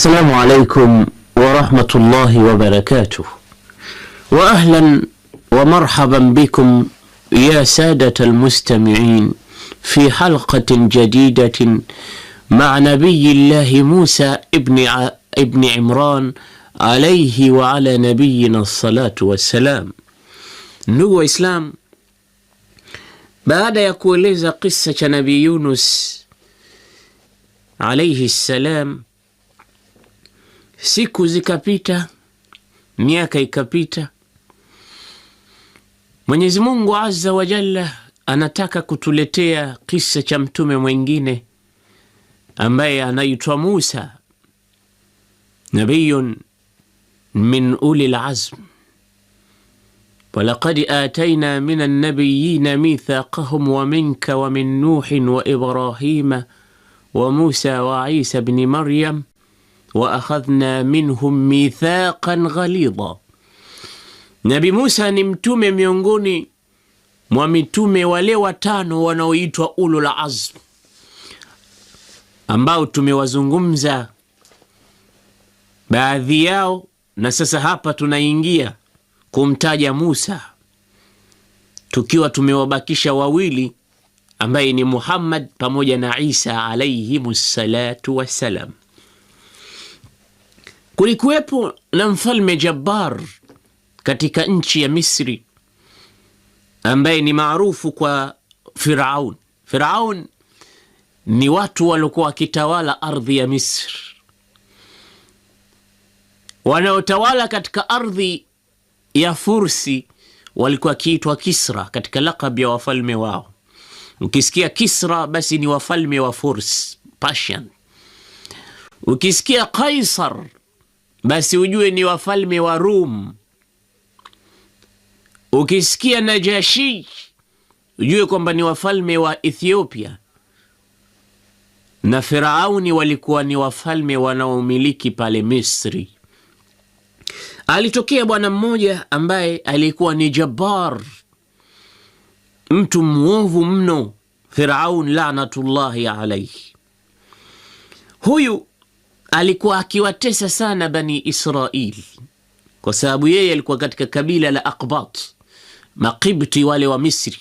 السلام عليكم ورحمة الله وبركاته وأهلا ومرحبا بكم يا سادة المستمعين في حلقة جديدة مع نبي الله موسى ابن ع... ابن عمران عليه وعلى نبينا الصلاة والسلام. نو إسلام بعد يقول قصة نبي يونس عليه السلام Siku zikapita, miaka ikapita. Mwenyezi Mungu Azza wa Jalla anataka kutuletea kisa cha mtume mwingine ambaye anaitwa Musa, nabiyun min uli lazm, walaqad atayna min annabiyina mithaqahum wa minka wa min nuhin wa Ibrahima wa Musa wa Isa bni Maryam waakhadhna minhum mithaqan ghalidha. Nabi Musa ni mtume miongoni mwa mitume wale watano wanaoitwa ulul azm ambao tumewazungumza baadhi yao, na sasa hapa tunaingia kumtaja Musa tukiwa tumewabakisha wawili ambaye ni Muhammad pamoja na Isa alayhimus salatu wassalam. Kulikuwepo na mfalme jabar katika nchi ya Misri ambaye ni maarufu kwa Firaun. Firaun ni watu waliokuwa wakitawala ardhi ya Misri. Wanaotawala katika ardhi ya Fursi walikuwa wakiitwa Kisra katika lakab ya wafalme wao. Ukisikia Kisra basi ni wafalme wa Furs, Ukisikia Kaisar basi ujue ni wafalme wa Rum. Ukisikia Najashi ujue kwamba ni wafalme wa Ethiopia na Firauni walikuwa ni wafalme wanaomiliki pale Misri. Alitokea bwana mmoja ambaye alikuwa ni jabar mtu mwovu mno, Firaun laanatullahi alaihi. Huyu alikuwa akiwatesa sana Bani Israil kwa sababu yeye alikuwa katika kabila la Akbat, maqibti wale wa Misri.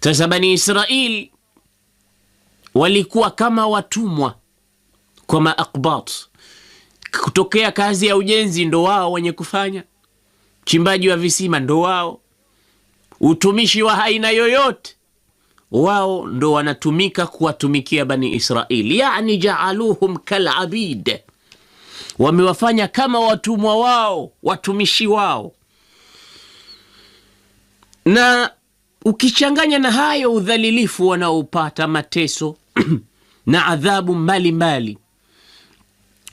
Sasa Bani Israil walikuwa kama watumwa kwa maaqbat Kutokea kazi ya ujenzi ndo wao wenye kufanya, chimbaji wa visima ndo wao, utumishi wa aina yoyote wao ndo wanatumika kuwatumikia Bani Israili, yani jaaluhum kalabid, wamewafanya kama watumwa wao, watumishi wao. Na ukichanganya na hayo udhalilifu wanaopata, mateso na adhabu mbalimbali,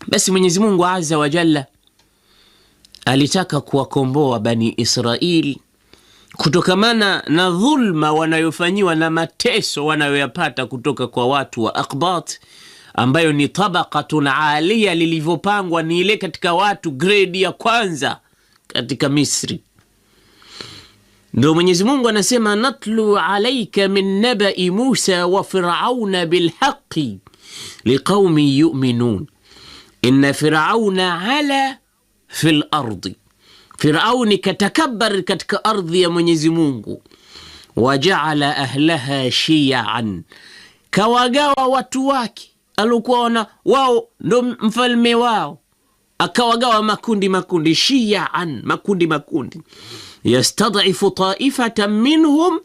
basi Mwenyezi Mungu wajalla alitaka kuwakomboa Bani Israili kutokamana na dhulma wanayofanyiwa na mateso wanayoyapata kutoka kwa watu wa Akbat, ambayo ni tabaqatun alia, lilivyopangwa ni ile katika watu gredi ya kwanza katika Misri. Ndo Mwenyezi Mungu anasema natlu alaika min nabai Musa wa firauna bilhaqi liqaumi yuminun inna firauna ala fi lardi Firauni katakabar katika ardhi ya Mwenyezi Mungu, wajaala ahlaha shiaan, kawagawa watu wake aliokuwa wana wao ndo mfalme wao, akawagawa makundi makundi, shiaan, makundi makundi, yastadifu taifatan minhum,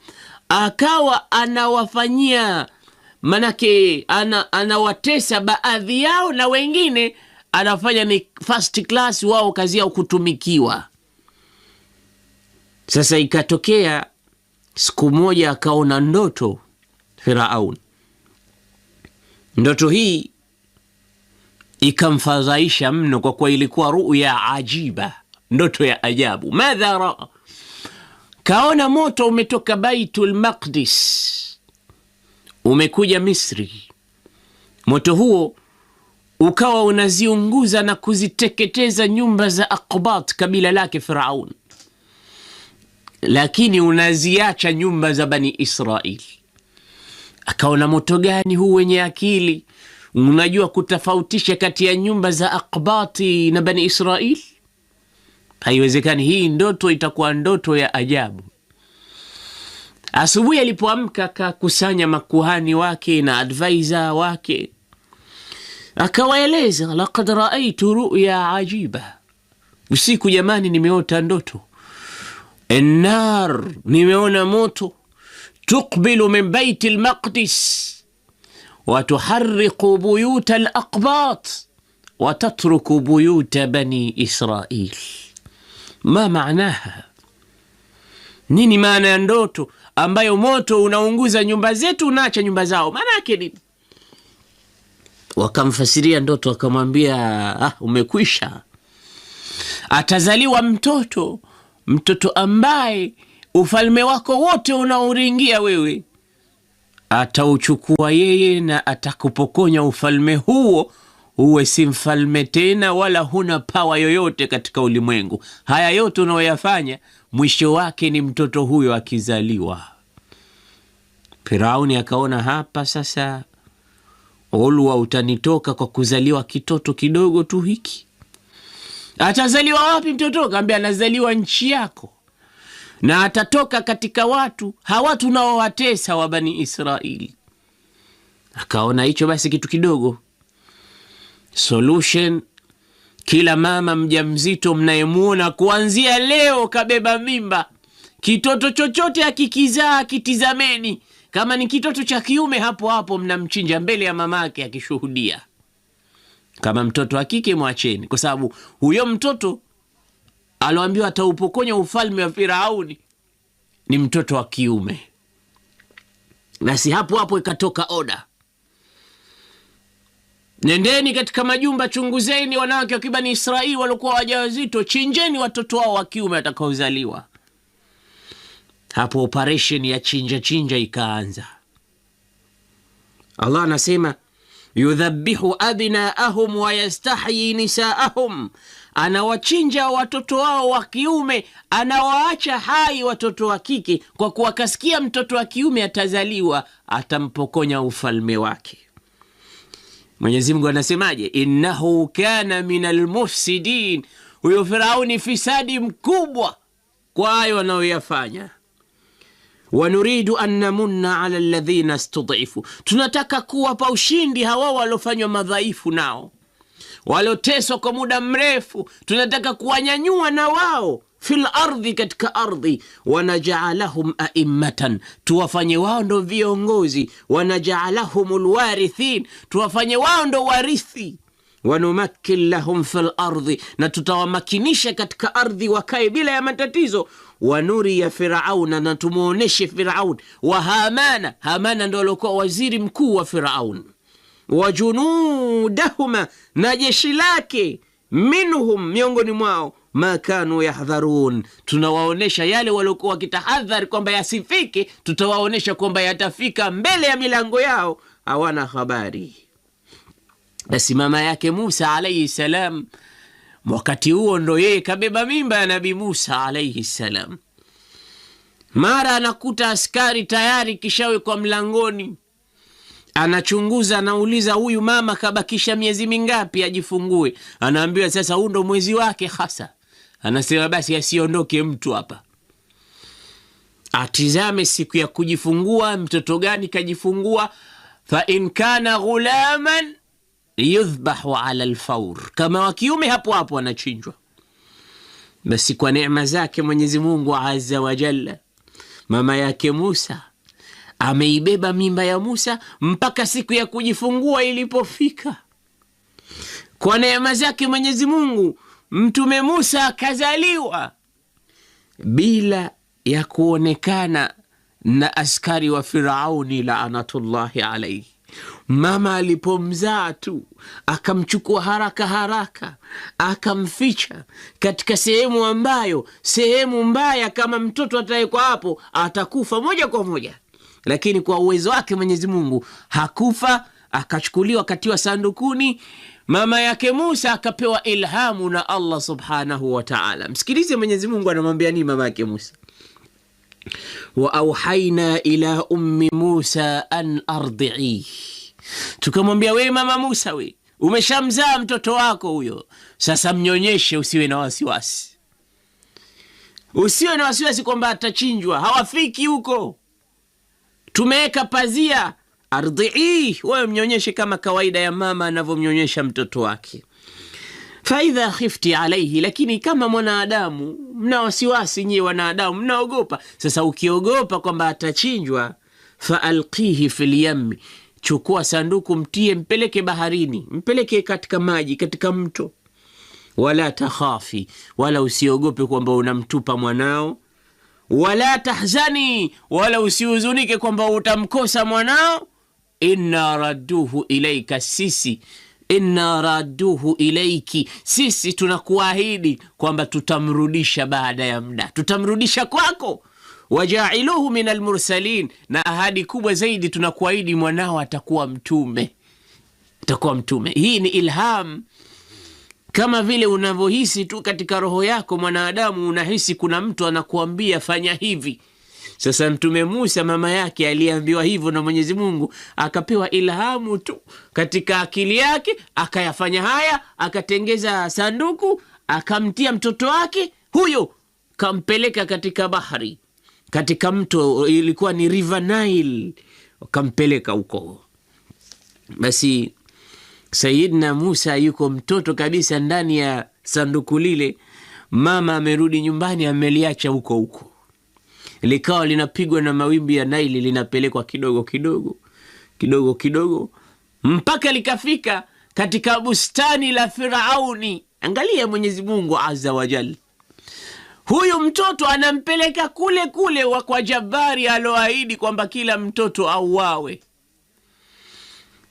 akawa anawafanyia manake ana, anawatesa baadhi yao, na wengine anafanya ni first class, wao kazi yao kutumikiwa. Sasa ikatokea siku moja akaona ndoto Firaun. Ndoto hii ikamfadhaisha mno, kwa kuwa ilikuwa ruya ajiba, ndoto ya ajabu. Madha raa, kaona moto umetoka Baitul Maqdis umekuja Misri. Moto huo ukawa unaziunguza na kuziteketeza nyumba za Akbat, kabila lake Firaun lakini unaziacha nyumba za Bani Israili. Akaona moto gani huu wenye akili unajua kutofautisha kati ya nyumba za Akbati na Bani Israili? Haiwezekani, hii ndoto itakuwa ndoto ya ajabu. Asubuhi alipoamka akakusanya makuhani wake na advaisa wake, akawaeleza, lakad raaitu ruya ajiba, usiku jamani, nimeota ndoto nar nimeona moto. Tukbilu min baiti lmaqdis watuhariku buyuta alaqbat watatruku buyuta bani Israil. Ma maanaha, nini maana ya ndoto ambayo moto unaunguza nyumba zetu unaacha nyumba zao? Maana yake nini? Wakamfasiria ndoto, wakamwambia ah, umekwisha, atazaliwa mtoto mtoto ambaye ufalme wako wote unaoringia wewe atauchukua yeye na atakupokonya ufalme huo, uwe si mfalme tena, wala huna pawa yoyote katika ulimwengu. Haya yote unaoyafanya mwisho wake ni mtoto huyo akizaliwa. Firauni akaona hapa sasa, olwa utanitoka kwa kuzaliwa kitoto kidogo tu hiki Atazaliwa wapi mtoto? Kaambia anazaliwa nchi yako, na atatoka katika watu hawa tunaowatesa wa Bani Israeli. Akaona hicho basi kitu kidogo solution. Kila mama mjamzito mnayemwona kuanzia leo kabeba mimba, kitoto chochote akikizaa, akitizameni, kama ni kitoto cha kiume, hapo hapo mnamchinja mbele ya mamake akishuhudia. Kama mtoto wa kike mwacheni, kwa sababu huyo mtoto aloambiwa ataupokonya ufalme wa Firauni ni mtoto wa kiume. Basi hapo hapo ikatoka oda, nendeni katika majumba, chunguzeni wanawake wakiba ni Israeli waliokuwa wajawazito, chinjeni watoto wao wa kiume watakaozaliwa. Hapo operesheni ya chinja chinja ikaanza. Allah anasema yudhabihu abnaahum wayastahyi nisaahum, anawachinja watoto wao wa kiume, anawaacha hai watoto wa kike, kwa kuwa kasikia mtoto wa kiume atazaliwa, atampokonya ufalme wake. Mwenyezi Mungu anasemaje? innahu kana min almufsidin, huyo Firauni fisadi mkubwa kwa hayo anayoyafanya wanuridu an namunna ala ladhina studhifu, tunataka kuwapa ushindi hawa waliofanywa madhaifu, nao walioteswa kwa muda mrefu, tunataka kuwanyanyua na wao fil ardhi, katika ardhi. Wanajaalahum aimmatan, tuwafanye wao ndo viongozi. Wanajaalahum lwarithin, tuwafanye wao ndo warithi wanumakin lahum fil ardhi, na tutawamakinisha katika ardhi wakae bila ya matatizo wa nuri ya Firauna, na tumuoneshe Firaun wa Hamana. Hamana ndo aliokuwa waziri mkuu wa Firaun, wa junudahuma, na jeshi lake, minhum, miongoni mwao, ma kanu yahdharun, tunawaonyesha yale waliokuwa wakitahadhari kwamba yasifike, tutawaonyesha kwamba yatafika mbele ya milango yao, hawana habari. Basi mama yake Musa alaihi salam Wakati huo ndo yeye kabeba mimba ya Nabii Musa alaihi salam Mara anakuta askari tayari kishawekwa mlangoni, anachunguza, anauliza huyu mama kabakisha miezi mingapi ajifungue? Anaambiwa sasa huu ndo mwezi wake hasa. Anasema basi asiondoke mtu hapa, atizame siku ya kujifungua, mtoto gani kajifungua. fa in kana ghulaman yudhbahu ala lfaur, kama wa kiume hapo hapo anachinjwa. Basi kwa neema zake Mwenyezi Mungu azza wa jalla, mama yake Musa ameibeba mimba ya Musa mpaka siku ya kujifungua ilipofika. Kwa neema zake Mwenyezi Mungu Mtume Musa akazaliwa bila ya kuonekana na askari wa Firauni laanatullahi alaihi. Mama alipomzaa tu akamchukua haraka haraka, akamficha katika sehemu ambayo, sehemu mbaya, kama mtoto atawekwa hapo atakufa moja kwa moja, lakini kwa uwezo wake Mwenyezi Mungu hakufa, akachukuliwa, katiwa sandukuni. Mama yake Musa akapewa ilhamu na Allah subhanahu wa taala. Msikilize Mwenyezi Mungu anamwambia nini mama yake Musa waauhaina ila ummi Musa an ardiih tukamwambia we mama Musa, we umeshamzaa mtoto wako huyo, sasa mnyonyeshe, usiwe na wasiwasi, usiwe na wasiwasi kwamba atachinjwa, hawafiki huko, tumeweka pazia. ardiih wewe mnyonyeshe kama kawaida ya mama anavyomnyonyesha mtoto wake. Faidha khifti alaihi, lakini kama mwanadamu mna wasiwasi nyie wanadamu, mnaogopa. Sasa ukiogopa kwamba atachinjwa, faalqihi fil yammi, chukua sanduku, mtie, mpeleke baharini, mpeleke katika maji, katika mto. Wala takhafi, wala usiogope kwamba unamtupa mwanao. Wala tahzani, wala usihuzunike kwamba utamkosa mwanao. Inna radduhu ilaika, sisi inna raduhu ilaiki, sisi tunakuahidi kwamba tutamrudisha baada ya mda tutamrudisha kwako. Wajailuhu min almursalin, na ahadi kubwa zaidi tunakuahidi mwanao atakuwa mtume, atakuwa mtume. Hii ni ilham kama vile unavyohisi tu katika roho yako mwanadamu, unahisi kuna mtu anakuambia fanya hivi sasa Mtume Musa mama yake aliyeambiwa hivyo na Mwenyezi Mungu akapewa ilhamu tu katika akili yake, akayafanya haya, akatengeza sanduku, akamtia mtoto wake huyo, kampeleka katika bahari, katika mto, ilikuwa ni River Nile, kampeleka huko. Basi Sayidna Musa yuko mtoto kabisa ndani ya sanduku lile, mama amerudi nyumbani, ameliacha huko huko likawa linapigwa na mawimbi ya Naili, linapelekwa kidogo kidogo kidogo kidogo mpaka likafika katika bustani la Firauni. Angalia Mwenyezi Mungu azza huyu mtoto anampeleka kule kule kwa Jabari aloahidi kwamba kila mtoto auwawe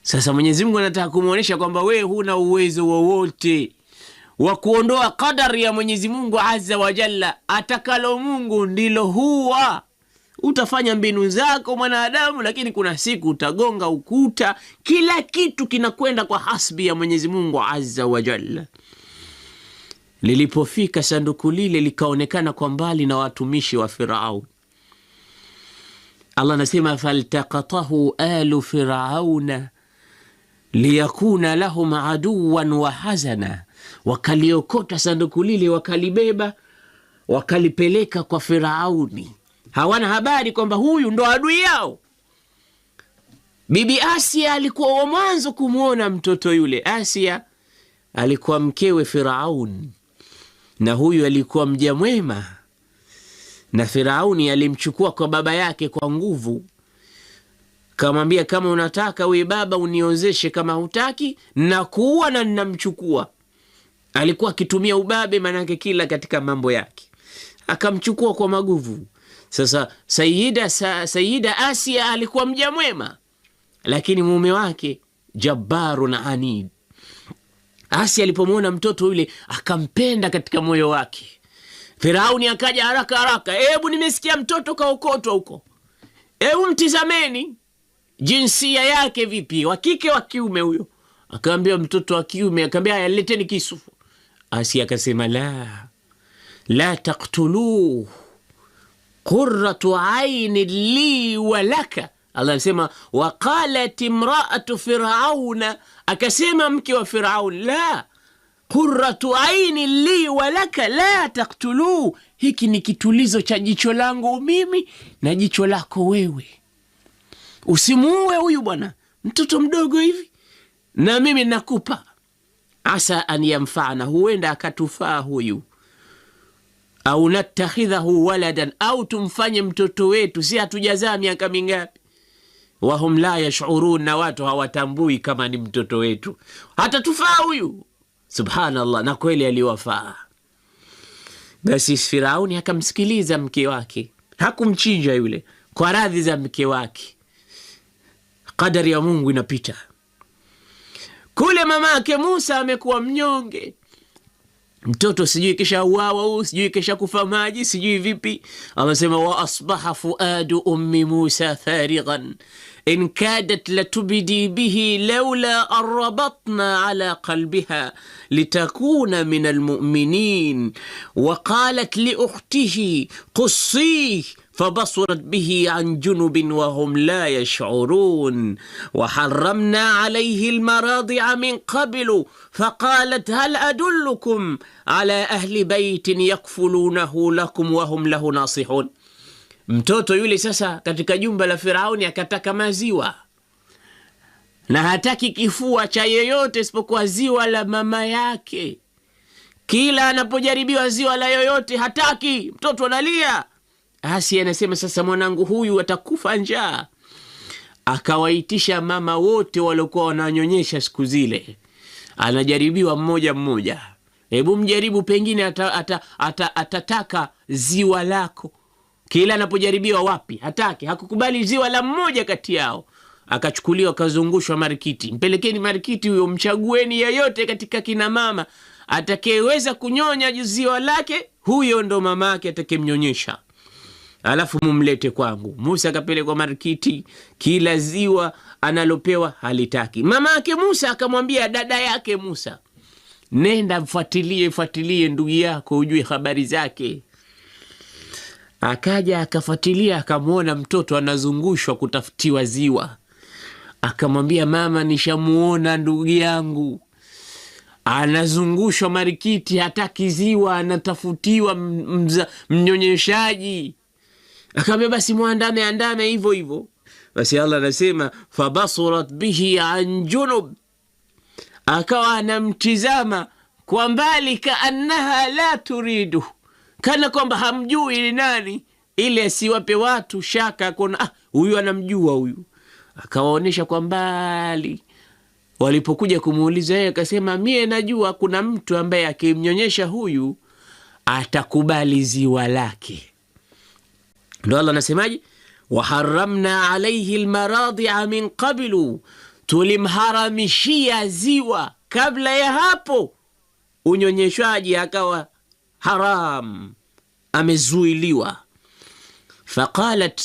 Sasa Mwenyezi Mungu anataka kumwonyesha kwamba wee huna uwezo wowote wa kuondoa qadari ya Mwenyezi Mungu azza wa jalla, atakalo Mungu ndilo huwa. Utafanya mbinu zako mwanadamu, lakini kuna siku utagonga ukuta. Kila kitu kinakwenda kwa hasbi ya Mwenyezi Mungu azza wa jalla. Lilipofika sanduku lile likaonekana kwa mbali na watumishi wa Firaun. Allah anasema faltaqatahu alu firauna liyakuna lahum aduwan wa hazana wakaliokota sanduku lile, wakalibeba, wakalipeleka kwa Firauni. Hawana habari kwamba huyu ndo adui yao. Bibi Asia alikuwa wa mwanzo kumwona mtoto yule. Asia alikuwa mkewe Firaun, na huyu alikuwa mja mwema, na Firauni alimchukua kwa baba yake kwa nguvu, kamwambia, kama unataka we baba uniozeshe, kama hutaki nakuua na ninamchukua. Alikuwa akitumia ubabe manake kila katika mambo yake, akamchukua kwa maguvu. Sasa Sayida, sa, Sayida Asia alikuwa mja mwema, lakini mume wake jabaru na anid. Asia alipomwona mtoto yule akampenda katika moyo wake. Firauni akaja haraka haraka, hebu nimesikia mtoto kaokotwa huko, hebu mtizameni jinsia yake vipi, wakike wa kiume huyo? Akaambia mtoto wa kiume, akaambia haya, leteni kisu Asi akasema la la taktuluh qurratu aini li walaka. Allah anasema waqalat imraatu firauna, akasema mke wa Firaun la qurratu aini li walaka la taktuluh, hiki ni kitulizo cha jicho langu mimi na jicho lako wewe, usimuue huyu bwana mtoto mdogo hivi, na mimi nakupa asa an yamfana, huenda akatufaa huyu au natakhidhahu waladan, au tumfanye mtoto wetu, si hatujazaa miaka mingapi? Wahum la yashurun, na watu hawatambui kama ni mtoto wetu, hatatufaa huyu. Subhanallah, na kweli aliwafaa. Basi Firauni akamsikiliza mke wake, hakumchinja yule, kwa radhi za mke wake. qadari ya Mungu inapita. Kule mama yake Musa amekuwa mnyonge, mtoto sijui kisha uawa huu sijui kisha kufa maji sijui vipi. Amesema wa asbaha fuadu ummi Musa farighan in kadat latubdi bihi laula arabatna ala qalbiha litakuna min almuminin wa qalat liukhtihi qussih فبصرت به عن جنب وهم لا يشعرون وحرمنا عليه المراضع من قبل فقالت هل أدلكم على أهل بيت يكفلونه لكم وهم له ناصحون mtoto yule sasa katika jumba la Firauni akataka maziwa na hataki kifua cha yeyote isipokuwa ziwa la mama yake. Kila anapojaribiwa ziwa la yoyote hataki, mtoto analia. Asi anasema sasa, mwanangu huyu atakufa njaa. Akawaitisha mama wote waliokuwa wananyonyesha siku zile, anajaribiwa mmoja mmoja, hebu mjaribu, pengine ata, ata, ata, atataka ziwa lako. Kila anapojaribiwa wapi, hataki, hakukubali ziwa la mmoja kati yao. Akachukuliwa akazungushwa marikiti, mpelekeni marikiti huyo, mchagueni yeyote katika kina mama kunyonya ziwa lake, huyo ndo mama ake atakemnyonyesha alafu mumlete kwangu. Musa akapelekwa markiti kila ziwa analopewa halitaki. Mama yake Musa akamwambia dada yake Musa, nenda mfuatilie, fuatilie ndugu yako ujue habari zake. Akaja akafuatilia, akamwona mtoto anazungushwa kutafutiwa ziwa. Akamwambia, mama, nishamuona ndugu yangu anazungushwa marikiti, hataki ziwa, anatafutiwa mnyonyeshaji. Akaambia basi mwandame andame hivyo hivyo. Basi Allah anasema fabasurat bihi an junub, akawa anamtizama kwa mbali, kaannaha la turidu, kana kwamba hamjui ni nani, ili asiwape watu shaka kuona ah, huyu anamjua huyu. Akawaonyesha kwa mbali Walipokuja kumuuliza yeye, akasema mie najua kuna mtu ambaye akimnyonyesha huyu atakubali ziwa lake ndo Allah anasemaje? waharamna alaihi lmaradia min qablu, tulimharamishia ziwa kabla ya hapo unyonyeshwaji akawa haram, amezuiliwa. Faqalat,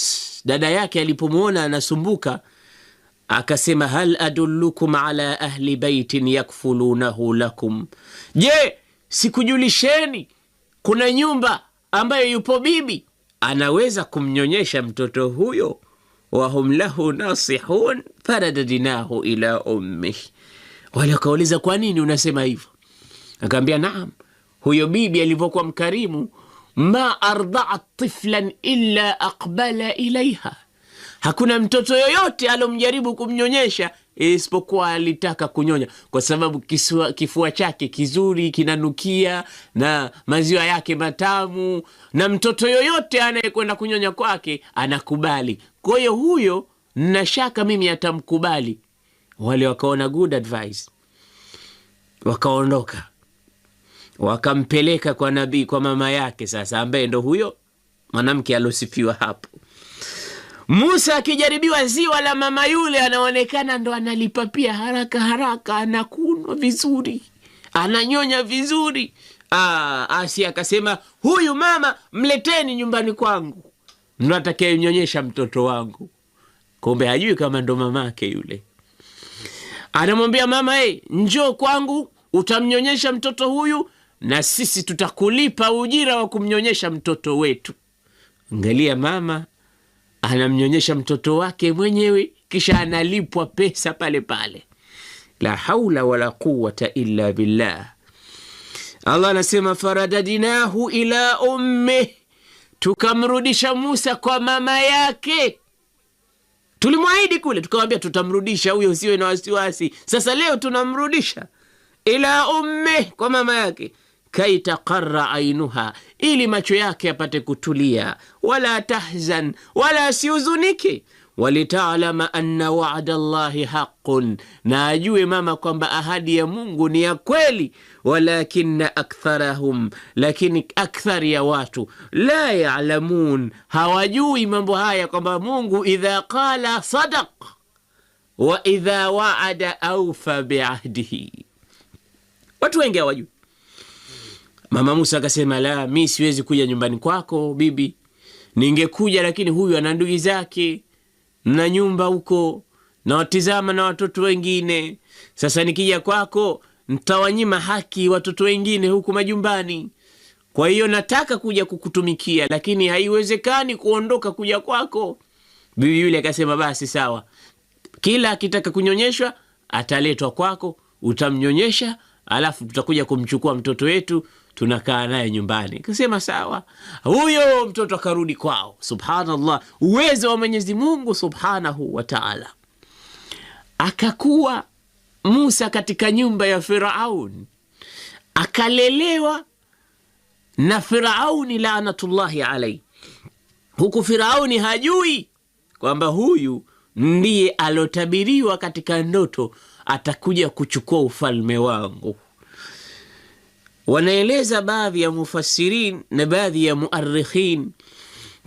dada yake alipomwona anasumbuka akasema, hal adullukum ala ahli baitin yakfulunahu lakum, je, sikujulisheni kuna nyumba ambayo yupo bibi anaweza kumnyonyesha mtoto huyo, wahum lahu nasihun, faradadinahu ila ummih. Wale wakauliza kwa nini unasema hivyo? Akaambia naam, huyo bibi alivyokuwa mkarimu, ma ardaat tiflan illa aqbala ilaiha, hakuna mtoto yoyote alomjaribu kumnyonyesha isipokuwa alitaka kunyonya, kwa sababu kisua, kifua chake kizuri kinanukia na maziwa yake matamu, na mtoto yoyote anayekwenda kunyonya kwake anakubali. Kwa hiyo huyo, nashaka shaka mimi atamkubali. Wale wakaona good advice, wakaondoka wakampeleka kwa nabii, kwa mama yake sasa, ambaye ndo huyo mwanamke alosifiwa hapo. Musa akijaribiwa ziwa la mama yule, anaonekana ndo analipapia haraka haraka, anakunwa vizuri, ananyonya vizuri. Ah, Asia akasema huyu mama mleteni nyumbani kwangu, ndo atakayenyonyesha mtoto wangu. Kumbe hajui kama ndo mamake yule. Anamwambia mama, hey, njoo kwangu, utamnyonyesha mtoto huyu na sisi tutakulipa ujira wa kumnyonyesha mtoto wetu. Angalia mama anamnyonyesha mtoto wake mwenyewe, kisha analipwa pesa pale pale. La haula wala quwata illa billah. Allah anasema faradadinahu ila umme, tukamrudisha Musa kwa mama yake. Tulimwahidi kule, tukamwambia tutamrudisha huyo, usiwe na wasiwasi. Sasa leo tunamrudisha ila umme, kwa mama yake, kai taqarra ainuha ili macho yake apate kutulia, wala tahzan, wala asihuzunike walitalama anna wada llahi haqun, na ajue mama kwamba ahadi ya Mungu ni ya kweli. Walakina aktharahum, lakini akthari ya watu la yalamun, hawajui mambo haya kwamba Mungu idha qala sadaq wa idha waada aufa biahdihi. Watu wengi hawajui. Mama Musa akasema, la, mi siwezi kuja nyumbani kwako bibi, ningekuja lakini huyu ana ndugi zake, mna nyumba huko nawatizama na watoto wengine. Sasa nikija kwako ntawanyima haki watoto wengine huku majumbani. Kwa hiyo nataka kuja kukutumikia, lakini haiwezekani kuondoka kuja kwako. Bibi yule akasema, basi sawa, kila akitaka kunyonyeshwa ataletwa kwako, utamnyonyesha alafu tutakuja kumchukua mtoto wetu tunakaa naye nyumbani. Kasema sawa, huyo mtoto akarudi kwao. Subhanallah, uwezo wa Mwenyezi Mungu subhanahu wa taala. Akakuwa Musa katika nyumba ya Firaun, akalelewa na Firauni laanatullahi alaihi, huku Firauni hajui kwamba huyu ndiye alotabiriwa katika ndoto atakuja kuchukua ufalme wangu. Wanaeleza baadhi ya mufasirin na baadhi ya muarikhin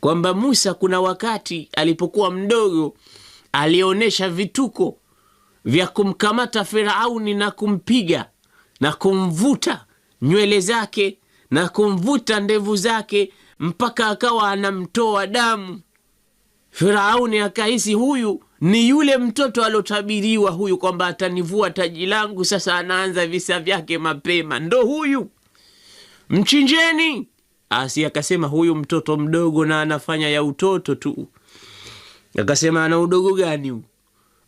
kwamba Musa kuna wakati alipokuwa mdogo alionyesha vituko vya kumkamata Firauni na kumpiga na kumvuta nywele zake na kumvuta ndevu zake mpaka akawa anamtoa damu. Firauni akahisi huyu ni yule mtoto aliotabiriwa huyu, kwamba atanivua taji langu. Sasa anaanza visa vyake mapema, ndo huyu mchinjeni. Asi akasema huyu mtoto mdogo na anafanya ya utoto tu. Akasema ana udogo gani huu,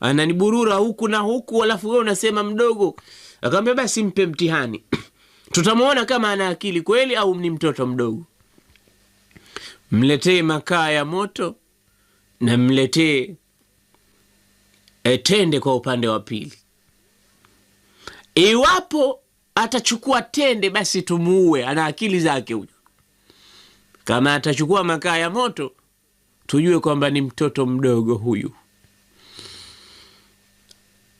ananiburura huku na huku, alafu we unasema mdogo. akaambia basi mpe mtihani tutamwona kama ana akili kweli au ni mtoto mdogo. Mletee makaa ya moto na mletee tende kwa upande wa pili. Iwapo atachukua tende, basi tumuue, ana akili zake huyo. Kama atachukua makaa ya moto, tujue kwamba ni mtoto mdogo huyu.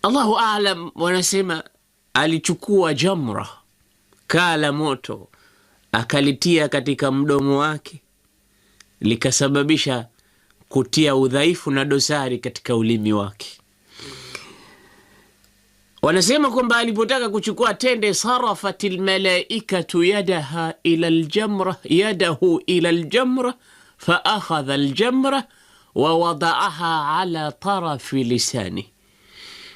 Allahu alam, wanasema alichukua jamra, kaa la moto, akalitia katika mdomo wake likasababisha kutia udhaifu na dosari katika ulimi wake. Wanasema kwamba alipotaka kuchukua tende, sarafat lmalaikatu yadaha ila ljamra, yadahu ila ljamra faakhadha ljamra wawadaaha ala tarafi lisani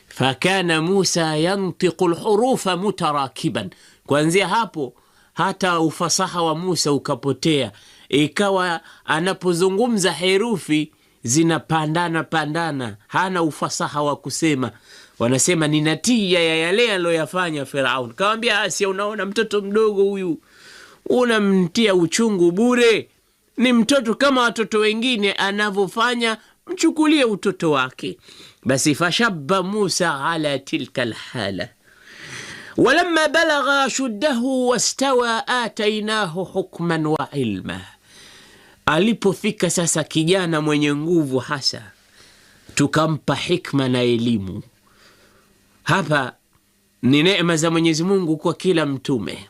fakana Musa yantiqu lhurufa mutarakiban. Kuanzia hapo hata ufasaha wa Musa ukapotea. ikawa anapozungumza herufi zinapandana pandana, hana ufasaha wa kusema. Wanasema ni natija ya yale aliyoyafanya Firaun. Kawambia Asia, ah, unaona mtoto mdogo huyu unamtia uchungu bure, ni mtoto kama watoto wengine, anavyofanya mchukulie utoto wake. Basi fashabba Musa ala tilka lhala walamma balagha shuddahu wastawa atainahu hukman wa ilma Alipofika sasa kijana mwenye nguvu hasa, tukampa hikma na elimu. Hapa ni neema za Mwenyezi Mungu kwa kila mtume.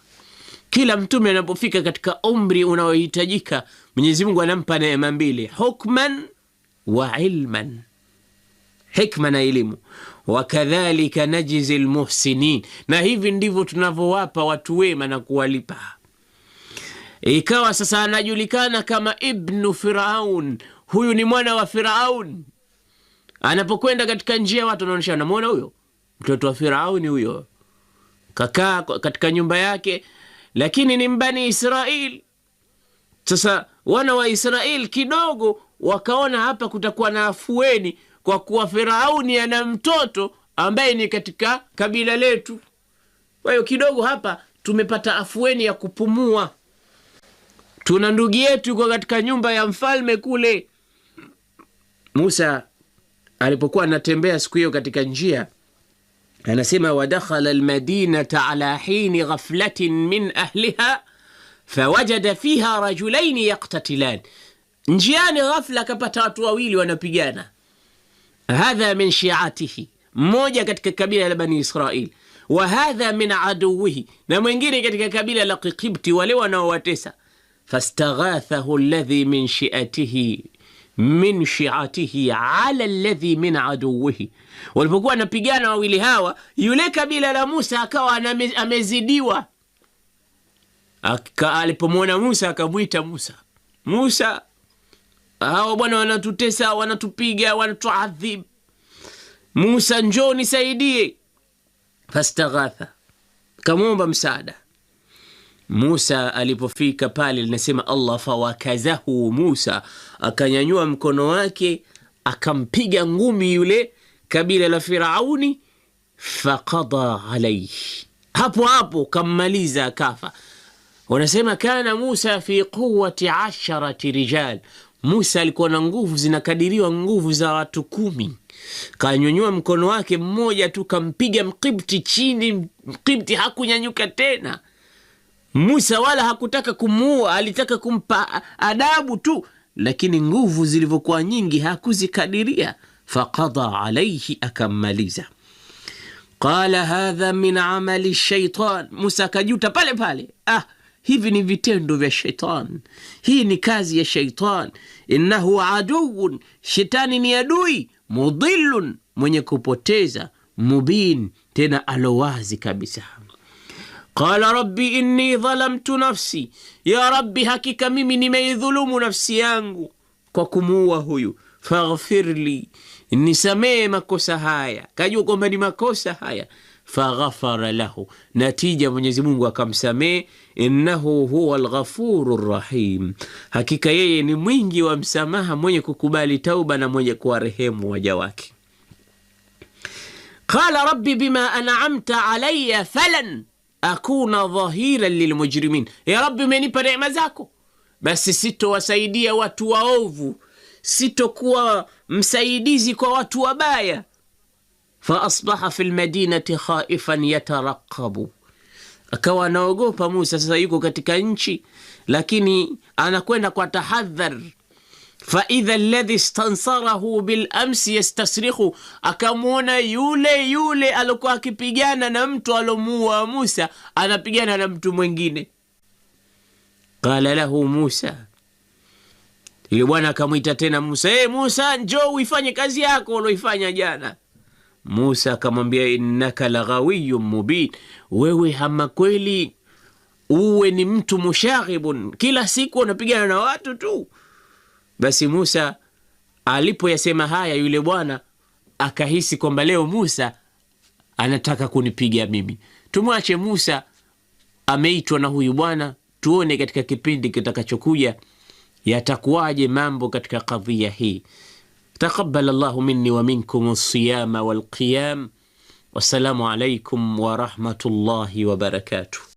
Kila mtume anapofika katika umri unaohitajika, Mwenyezi Mungu anampa neema mbili, hukman wa ilman, hikma na elimu. Wakadhalika najzi lmuhsinin, na hivi ndivyo tunavyowapa watu wema na kuwalipa E ikawa sasa anajulikana kama Ibnu Firaun. Huyu ni mwana wa Firaun. Anapokwenda katika njia, watu wanaonyesha, namwona huyo mtoto wa Firauni, huyo kakaa katika nyumba yake, lakini ni mbani israel Sasa wana wa israel kidogo wakaona hapa kutakuwa na afueni, kwa kuwa Firauni ana mtoto ambaye ni katika kabila letu. Kwa hiyo kidogo hapa tumepata afueni ya kupumua tuna ndugu yetu kwa katika nyumba ya mfalme kule. Musa alipokuwa anatembea siku hiyo katika njia, anasema wadakhala almadinata ala hini ghaflatin min ahliha fawajada fiha rajulaini yaktatilani, njiani ghafla akapata watu wawili wanapigana. Hadha min shiatihi, mmoja katika kabila la Bani Israil, wa hadha min aduwihi, na mwingine katika kabila la Kikibti, wale wanaowatesa fastaghathahu alladhi min shiatihi min shiatihi ala alladhi min aduwihi. Walipokuwa wanapigana wawili hawa, yule kabila la Musa akawa amezidiwa. Alipomwona Musa akamwita Musa, Musa, hawa bwana wanatutesa, wanatupiga, wanatuadhib. Musa, njoo nisaidie. Fastaghatha, kamwomba msaada Musa alipofika pale, linasema Allah fawakazahu Musa, akanyanyua mkono wake akampiga ngumi yule kabila la Firauni, faqada alaihi, hapo hapo kammaliza kafa Wanasema kana Musa fi quwati asharati rijal, Musa alikuwa na nguvu zinakadiriwa nguvu za watu kumi. Kanyonyua mkono wake mmoja tu kampiga Mkibti chini, Mkibti hakunyanyuka tena. Musa wala hakutaka kumuua, alitaka kumpa adabu tu, lakini nguvu zilivyokuwa nyingi hakuzikadiria. Faqada alaihi, akammaliza. Qala hadha min amali shaitan, Musa akajuta pale pale. Ah, hivi ni vitendo vya shaitan, hii ni kazi ya shaitan. Innahu aduun, shetani ni adui mudhilun, mwenye kupoteza, mubin, tena alowazi kabisa qala rabbi inni dhalamtu nafsi, ya rabbi, hakika mimi nimeidhulumu nafsi yangu kwa kumuua huyu. Faghfirli, nisamee makosa haya. Kajua kwamba ni makosa haya faghafara lahu, natija Mwenyezi Mungu akamsamee. Innahu huwa lghafuru rrahim, hakika yeye ni mwingi wa msamaha, mwenye kukubali tauba na mwenye kuwarehemu waja wake. Qala rabbi bima an'amta alaya falan akuna dhahira lilmujrimin, ya Rabbi, umenipa neema zako, basi sitowasaidia watu waovu, sitokuwa msaidizi kwa watu wabaya. Fa asbaha fi lmadinati khaifan yataraqabu, akawa anaogopa Musa. Sasa yuko katika nchi, lakini anakwenda kwa tahadhar faidha alladhi stansarahu bilamsi yastasrikhu, akamwona yule yule alikuwa akipigana na mtu alomuua Musa anapigana na mtu mwingine. Qala lahu Musa, yule bwana akamwita tena Musa, hey, eh, Musa njoo uifanye kazi yako uloifanya jana. Musa akamwambia innaka laghawiyun mubin, wewe hama kweli uwe ni mtu mushaghibun, kila siku unapigana na watu tu basi Musa alipoyasema haya, yule bwana akahisi kwamba leo Musa anataka kunipiga mimi. Tumwache Musa, ameitwa na huyu bwana. Tuone katika kipindi kitakachokuja yatakuwaje mambo katika kadhia hii. Taqabbal Allahu minni wa minkum siyama walqiyam. Wassalamu alaikum warahmatullahi wabarakatuh.